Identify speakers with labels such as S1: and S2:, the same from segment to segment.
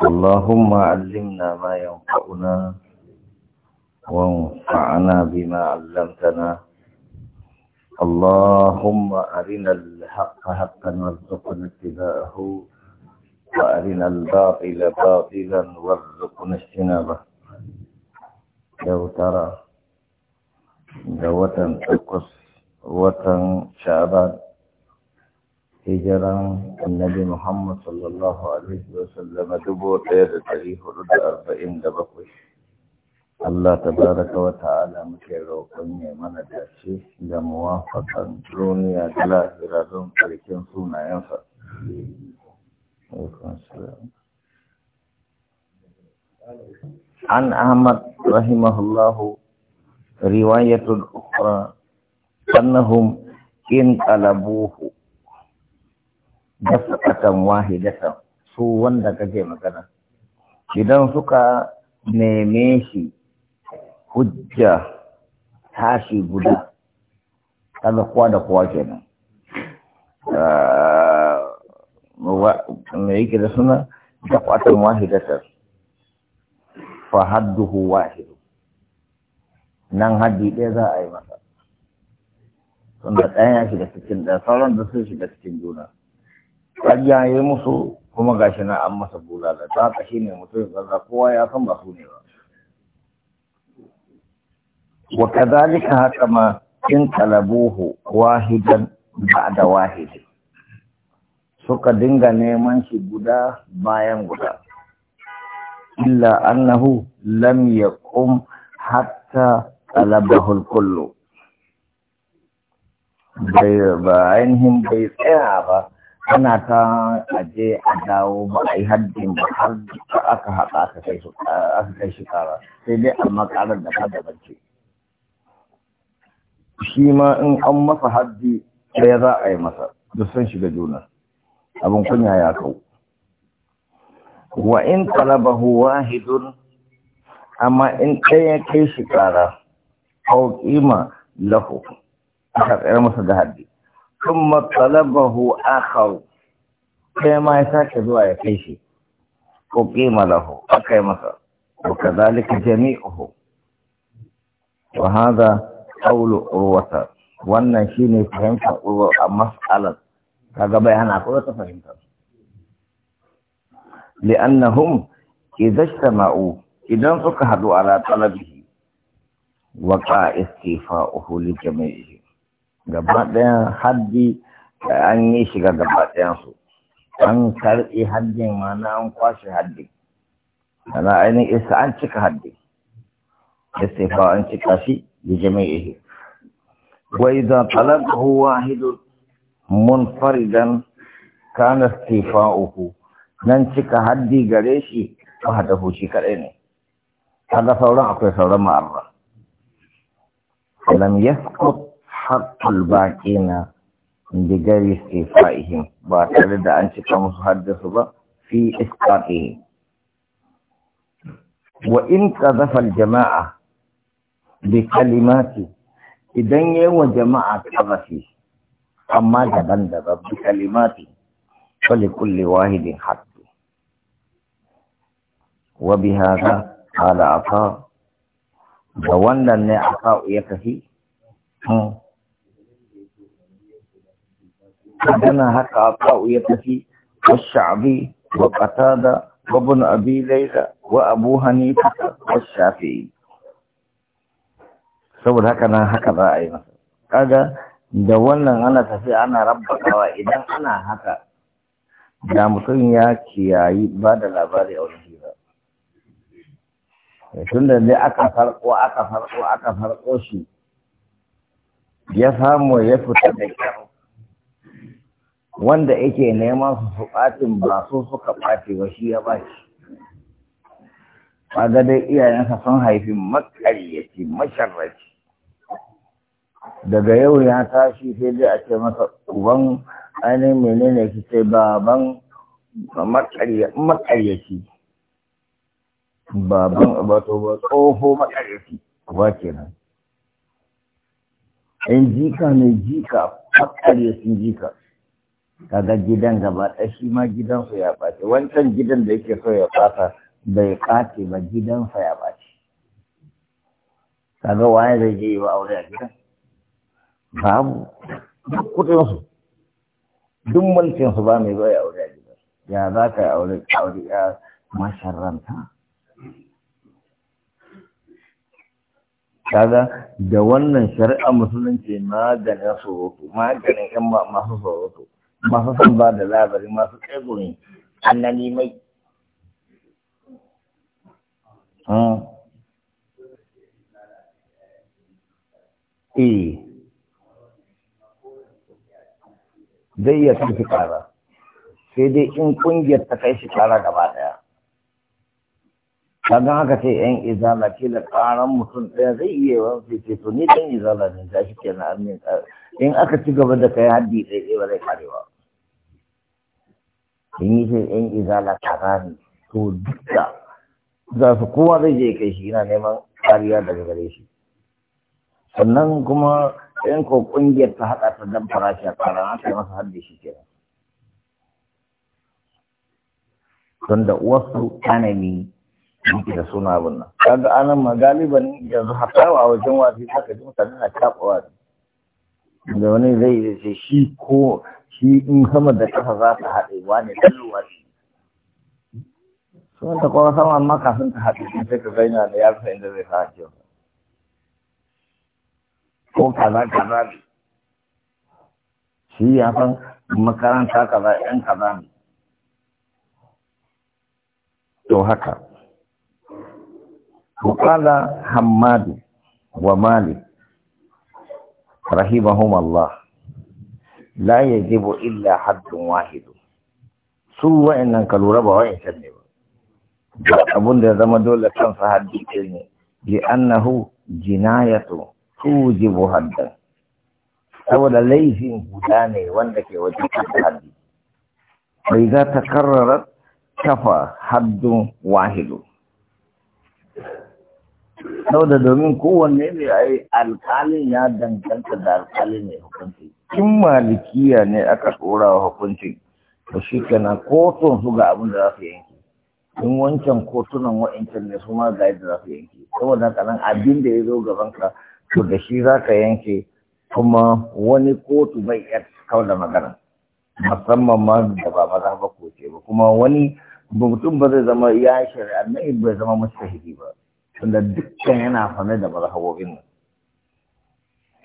S1: اللهم علمنا ما ينفعنا وانفعنا بما علمتنا اللهم أرنا الحق حقا وارزقنا اتباعه وأرنا الباطل باطلا وارزقنا اجتنابه لو ترى دوة watan وتن شعبان هجرا النبي محمد صلى الله عليه وسلم دبو تير تاريخ رد أربعين دبقوش الله تبارك وتعالى مكير قلني من الجاشي لموافقا روني أجلا هرادون تاريخين سونا ينفع عن أحمد رحمه الله رواية أخرى أنهم إن طلبوه dafatan wahidatan su wanda kake magana idan suka neme shi hujja tashi guda kada kowa da kowa kenan ah, me yake da suna dafatan wahidatan fa hadduhu wahidu nan haddi ɗaya za a yi masa da ɗaya ya shiga cikin da sauran da sun shiga cikin juna ƙarya ya musu kuma gashi na an masa bulala ta ka shi ne mutum zarra kowa ya san ba su ne ba wa kazalika haka ma in talabuhu wahidan ba'da wahidi suka dinga neman shi guda bayan guda illa annahu lam yaqum hatta talabahu al-kullu bai ba ainihin bai tsaya ba ana ta aje a dawo ba a yi haddin ba har da aka haɗa aka kai shi ƙara sai dai amma ƙarar da ka ce shi ma in an masa haddi ɗaya za a yi masa duk sun shiga juna abin kunya ya kau wa in talabahu wahidun amma in ɗaya kai shi ƙara au kima lahu aka tsayar masa da haddi kuma talabahu akhar kai ma ya sake zuwa ya kai shi ko hu? lahu akai masa wa kadhalika jami'uhu wa hadha qawlu urwata wannan shine fahimta urwa a mas'alar kaga bai hana ko ta fahimta li'annahum idza istama'u idan suka hadu ala talabihi wa qa'a istifa'uhu li jami'ihi gaba ɗayan haddi an yi shiga gaba ɗayan su an karɓi haddin mana an kwashe haddi ana ainihin isa an cika haddi istifa an cika shi da jami'i wa idza talaqahu wahidun munfaridan kana istifa'uhu nan cika haddi gare shi wahdahu shi kaɗai ne kada sauran akwai sauran ma'arra lam yasqut حق الباقين بغير استيفائهم باطل ده أنت كمحدث في إسقاطه وإن قذف الجماعة بكلمات إذن يو جماعة قذفي أما جبن ده بكلمات فلكل واحد حق وبهذا قال عطاء da wannan ne يكفي حدثنا حق عطاء يكفي والشعبي وقتادة وابن أبي ليلى وأبو هنيفة والشافعي سبب هكذا هكذا أي مثلا هذا دولنا أنا تفي أنا ربك وإذا أنا هكذا da mutum ya kiyayi ba da labari a wani ba. Tun da dai aka farko, aka farko, aka farko shi, ya samu ya fita da kyau, wanda yake neman su su ɓacin ba su suka ɓace ba shi ya ɓaci ba dai iyayensa sun haifi makaryaci masharraci daga yau ya tashi sai dai a ce masa uban ainihin menene ki sai baban makaryaci baban abato ba tsoho makaryaci ba ke nan. in jika ne jika makaryacin jika kaga gidan gaba ɗaya shi ma gidansu ya ɓace wancan gidan da yake so ya ɓata bai ƙace ba gidansa ya ɓace kaga waye zai je yi wa aure a gidan babu duk kuɗinsu duk mulkinsu ba mai zai aure a gidan ya za ka yi aure aure ya masharanta kaga da wannan shari'a musulunci maganin surutu maganin yan masu surutu masu son ba da labari masu tsegumi annani mai hmm. eh zai iya tafi kara sai dai in kungiyar ta kai shi kara gaba daya don haka sai yan izala ke da karan mutum ɗaya zai iya yawan sai ce to ni dan izala ne ta shi ke na kenan in aka ci gaba da kai haddi ɗaya ba zai karewa in yi shi yan izala kaza ne to duka za su kowa zai je kai shi yana neman kariya daga gare shi sannan kuma yan ko kungiyar ta haɗa ta dan farashi a ƙara na ta masa hadda shi kenan don da wasu anami yake da suna abin nan kaga anan ma galiban yanzu hatawa a wajen wasi saka ji mutane na caɓa wasi da wani zai ce shi ko shi in sama da kafa za ta haɗe wani ɗan shi sun ta kowa sama amma kafin ta haɗe sun sai ka zaina da ya fi inda zai sa kyau ko kaza kaza ne shi ya san makaranta kaza ɗan kaza ne to haka وقال حماد ومالك رحمهم الله la yajibu illa haddun wahidu su wa'annan ka lura ba wa'ancan ne ba abun da ya zama dole kansa haddi ne bi annahu jinayatu tujibu haddan saboda laifin guda ne wanda ke wajen haddi bai za ta karrara kafa haddun wahidu da domin kowanne ne a alkalin ya danganta da alkalin mai hukunci in malikiya ne aka tsora wa hukuncin da shi kenan kotun su ga abin da za su yanke in wancan kotunan wa'incan ne su ma ga yadda za su yanke saboda kanan abin da ya zo gaban ka to da shi za ka yanke kuma wani kotu bai iya kawar da magana musamman ma da ba maza ba ko ba kuma wani mutum ba zai zama ya shari'a na bai zama mashahidi ba tunda dukkan yana fane da mazhabobin nan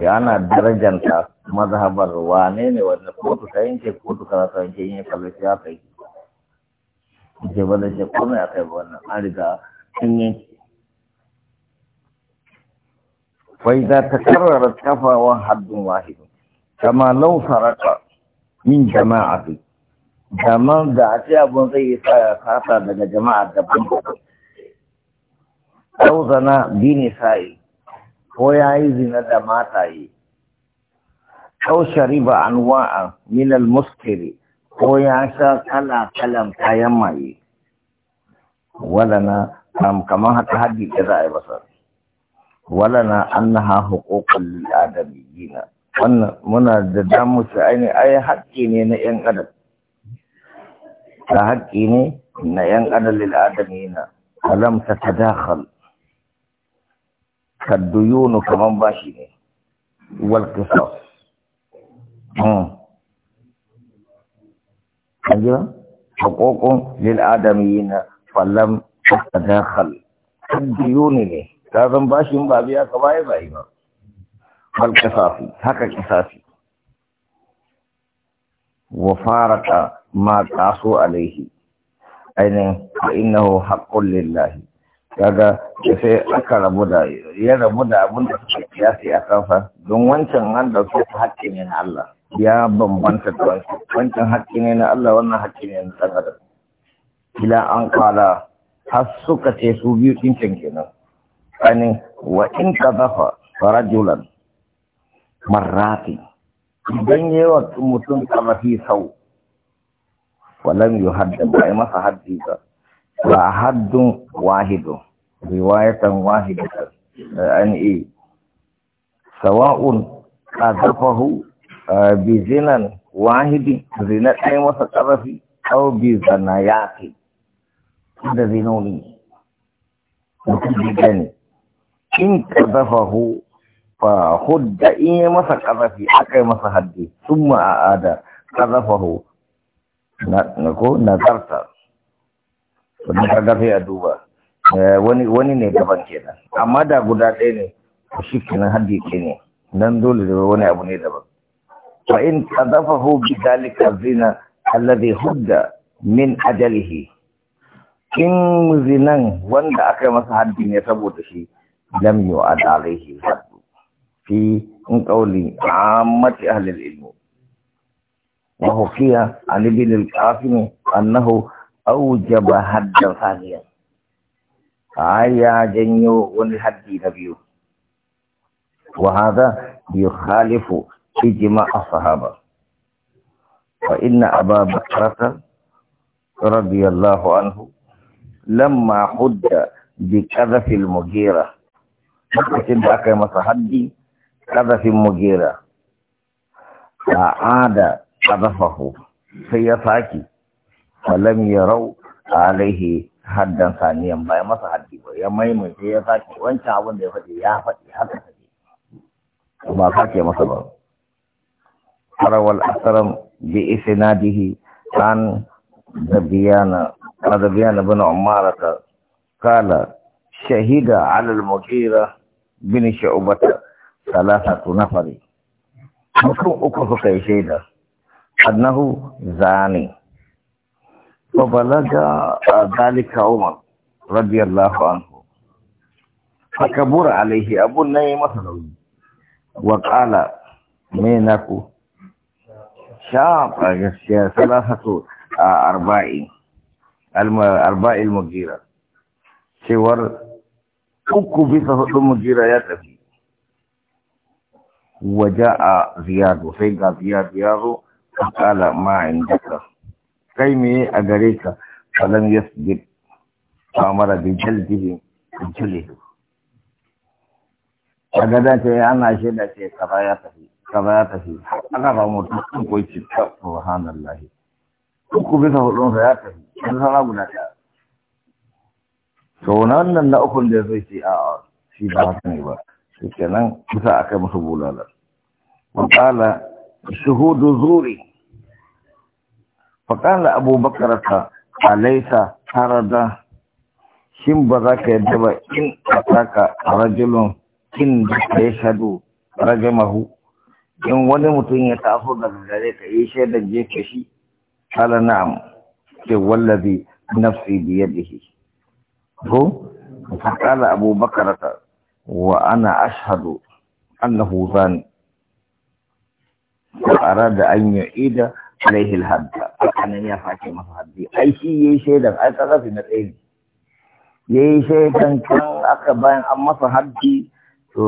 S1: ya ana darajanta mazhabar wane ne wanda kotu ta yanke kotu kaza ta yanke yin kalli ya kai ce ba da ce komai a kai wannan an riga an yanke wai za ta kafa kafawan haddun wahid kama law saraka min jama'a da a ce abun zai yi sata daga jama'a daban ko zana bi nisa'i ko ya yi zina da mataye ko shariba anwa'a min al-muskiri ko ya sha kala kalan kayan maye walana kamar haka haddi da za a yi masa walana annaha huququl lil adamiyina wannan muna da damu su aini ai haƙƙi ne na ƴan adam da haƙƙi ne na ƴan adam lil adamiyina alam tatadakhal كالديون كمان باشي ne أيوة حقوق للآدميين فلم تتداخل ديونه لازم كازم باشي بابيا كباي باي ما فالقصاصي هكا قصاصي وفارق ما قاسوا عليه أين فإنه حق لله kaga sai aka rabu da ya rabu da abin da suke kiyasi a kansa don wancan an dauke su haƙƙi ne na Allah ya bambanta da wancan wancan haƙƙi ne na Allah wannan haƙƙi ne na ɗan adam ila an kala har suka ce su biyu ɗin can kenan ani wa in ka zafa farajulan marrati idan yi wa mutum fi sau walam yi hadda ba yi masa haddi ba Wa haddun wahidu, riwayetan wahidu an iwi e. Sawa'un ƙadafahu, e, bijinan wahidi zina ɗaya masa ƙarafi, ƙau biyu tana zinoni, mutane in ƙadafahu ba a hudda in yi masa ƙarafi, a masa haddi summa a ada, ƙadafahu ko nagarta. sannan kaga gafe a duba eh, wani ne daban kenan amma da guda ɗaya ne shi kenan haddi ke ne nan dole da wani abu ne daban fa in qadafahu bi dalika zina alladhi hudda min ajalihi in zinan wanda aka masa haddi ne saboda shi lam yu'ad alaihi haddu fi in qawli ammati ahli al-ilm وحكي عن ابن القاسم annahu أوجب حدا ثانيا آه، آية جنيو والحد نبيو وهذا يخالف إجماع الصحابة فإن أبا بكرة رضي الله عنه لما حد بكذف المغيرة لكن أكا مصحدي كذف المغيرة أعاد قذفه سيساكي falam ya rau alaihi haddan saniyan ba ya masa haddi ba ya maimaita ya sake wancan abin da ya faɗi ya faɗi haka take ba sake masa ba harawal asaram bi isnadihi an zabiyana zabiyana bin umarata kala shahida ala al-mughira bin shu'bata salasatu nafari mutum uku suka yi shaida annahu zani فبلغ ذلك عمر رضي الله عنه فكبر عليه أبو النعيم مثلا وقال مينك شاب ثلاثة أرباع آه، أرباع المجيرة سور أكو بصه المجيرة يتفي وجاء زياد فقال زياد زياد فقال ما عندك kai me a gare ka falam yasjud mara bi jaldihi jaldihi a gada ce ana shaida ce kaza ya tafi kaza ya tafi aka ba mutum sun koyi cikin subhanallah uku bisa hudun sa ya tafi sun sana guda ɗaya to wannan na ukun da zai ce a shi ba haka ne ba shi kenan bisa kai musu bulalar wa kala shuhudu zuri faƙala abubakar ka alaisa harada shin ba za ka yadda ba in a taka rajulun kin da ya shaɗu rajamahu in wani mutum ya taso daga gare ka yi shaidan ka shi ala na'am ce wallazi nafsi shi ko فقال أبو ana وأنا أشهد أنه ظن da yi ida alaihi alhadda hakanan ya fake masa haddi ai shi yayi shaidan ai tsarafi na tsayi yayi shaidan kan aka bayan an masa haddi to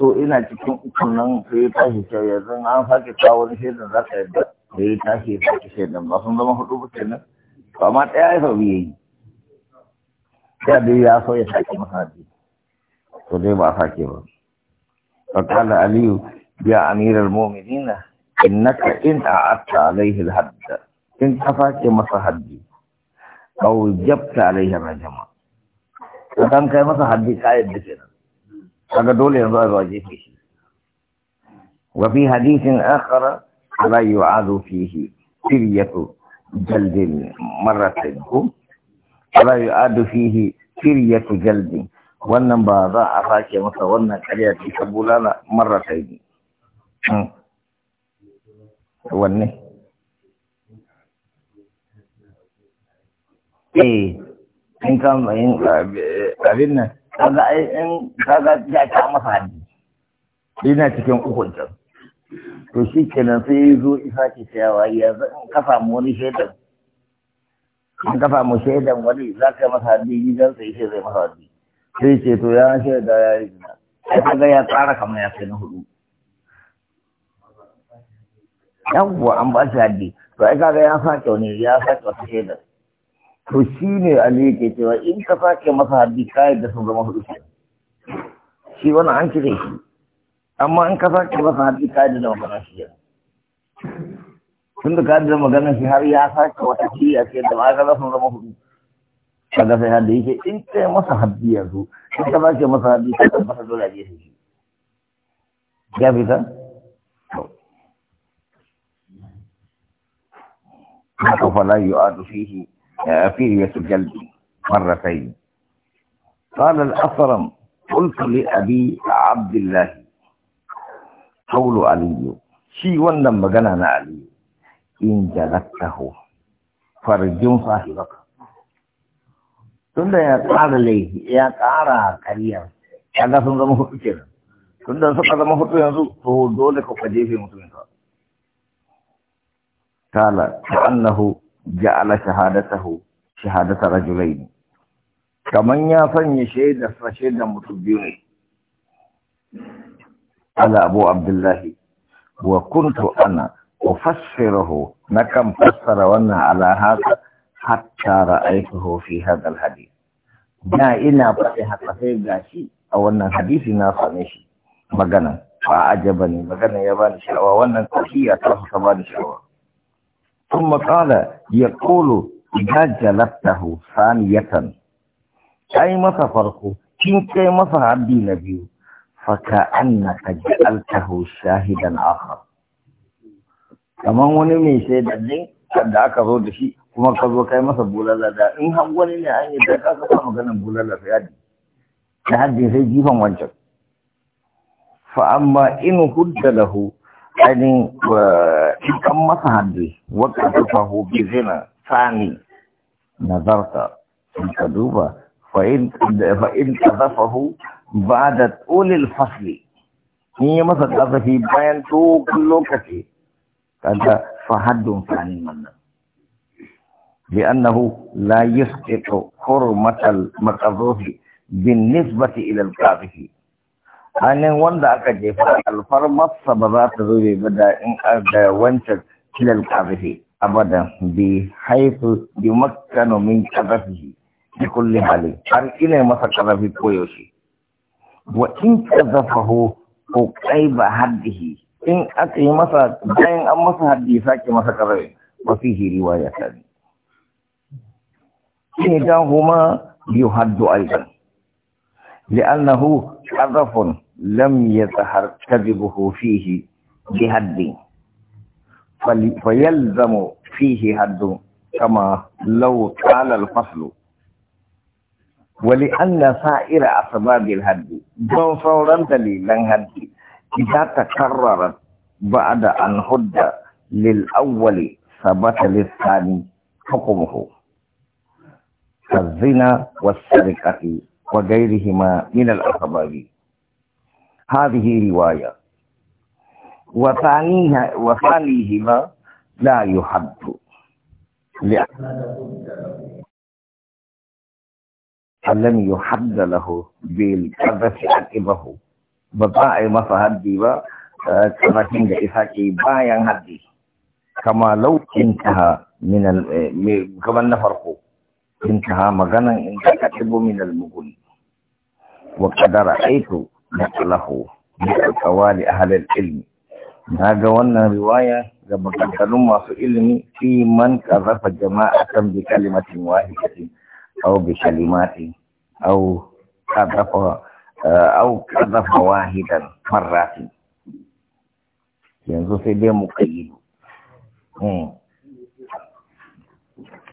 S1: so ina cikin ukun nan sai ya tashi cewa yanzu an sake kawo wani shaidan za ka yadda sai ya tashi ya sake shaidan ba sun zama hudu ba kenan to amma ɗaya ya sau yayi ya biyu ya so ya sake masa haddi to dai ba a sake ba فقال علي يا أمير المؤمنين إنك إن أعدت عليه الهد إن كفاك مسا حدي أو جبت عليه الرجمة وكان كان مسا حدي كايد بكنا هذا دول واجه فيه وفي حديث آخر لا يعاد فيه فرية جلد مرة ولا يعاد فيه فرية جلد وانما ضاع za a sake masa wannan karya wanne eh in kan yin eh, abin nan kaga ai in kaga ya ta masa haddi ina cikin ukun can to shi kenan sai ya zo isa ke cewa ya zan ka samu wani shaidan in ka samu shaidan wani za ka masa haddi gidan sai ce zai masa hadi sai ce to ya shaida ya yi zina sai kaga ya tsara kamar ya kai na hudu yawwa an ba shi haddi to ai kaga ya sake wani ya sake wata shaidar to shi ne ali yake cewa in ka sake masa haddi ka yi yadda sun zama hudu shi shi wani an cire shi amma in ka sake masa haddi ka yadda da magana shi yana tunda ka yadda magana shi har ya sake wata shi a ce da ma ka sun zama hudu kaga sai haddi yake in ka yi masa haddi yanzu in ka sake masa haddi ka yi tabbata dole a je shi ya fita فلا يؤاد فيه آه، فيه الجلد مرتين قال الأثرم قلت لأبي عبد الله قول علي شي ونم جنان علي إن جلدته فرج صاحبك تند يا قال لي يا قارا كريم هذا سندم هو كتير تند سقط ما هو تندم هو دولة كوبا جيفي قال كأنه جعل شهادته شهادة رجلين كما يصنع شهيدة فشهيدة متبيني على أبو عبد الله وكنت أنا أفسره نكم فسر وانا على هذا حتى رأيته في هذا الحديث جاء إلى بعد حتى فيه أو أن الحديث ناصنشي مغنى فأعجبني مغنى يباني شعوة وانا كثيرا تحصى باني شعوة ثم قال يقول إذا جلبته ثانية أي مسا فرقه إن كي مسا عبدي نبيه فكأنك جعلته شاهدا آخر kamar wani mai shaidannin da aka zo da shi kuma ka zo kai masa bulala da in har wani ne an yi da ka bulala sai haddi da sai jifan wancan fa amma in hudda lahu ainihin cikin masa hannu wadda ta faho bi zina sani nazarta in ka duba fa'in ka zafahu ba da tsolil fasli in yi masa ƙazafi bayan dogon lokaci kada fahaddun fani wannan لأنه لا يسقط حرمة المقذوف بالنسبة إلى القاذف hannun wanda aka jefa masa ba za ta zo bai bada in da wancan kilal karfe abadan bi haifu bi makkano min karfe da kulle hali har ina masa karfe koyaushe wa in kazafahu ko kai ba haddihi in aka yi masa bayan an masa haddi sake masa hiri wa ya sani ne dan huma haddu aidan li'annahu qadhafun لم يظهر كذبه فيه بحد فيلزم فيه حد كما لو قال الفصل ولأن سائر أسباب الحد دون فورا دليلا حد إذا تكررت بعد أن هد للأول ثبت للثاني حكمه كالزنا والسرقة وغيرهما من الأسباب هذه رواية وثانيها وثانيهما لا يحد لم يحد له بالقذف عقبه بطاء آه، كما وكرتين إساكي بايا هدي كما لو انتهى من آه، كما نفرقه انتهى مغنى انتهى كتب من المغني وقد رأيت matsalahu bi a halar ilmi na ga wannan riwaya ga makantarun masu ilmi fi man ƙarfafa jama'a kan bi kalimatin wahidati au bi kalimatin au ƙarfafa au wahidan marrati yanzu sai dai mu kai Hmm.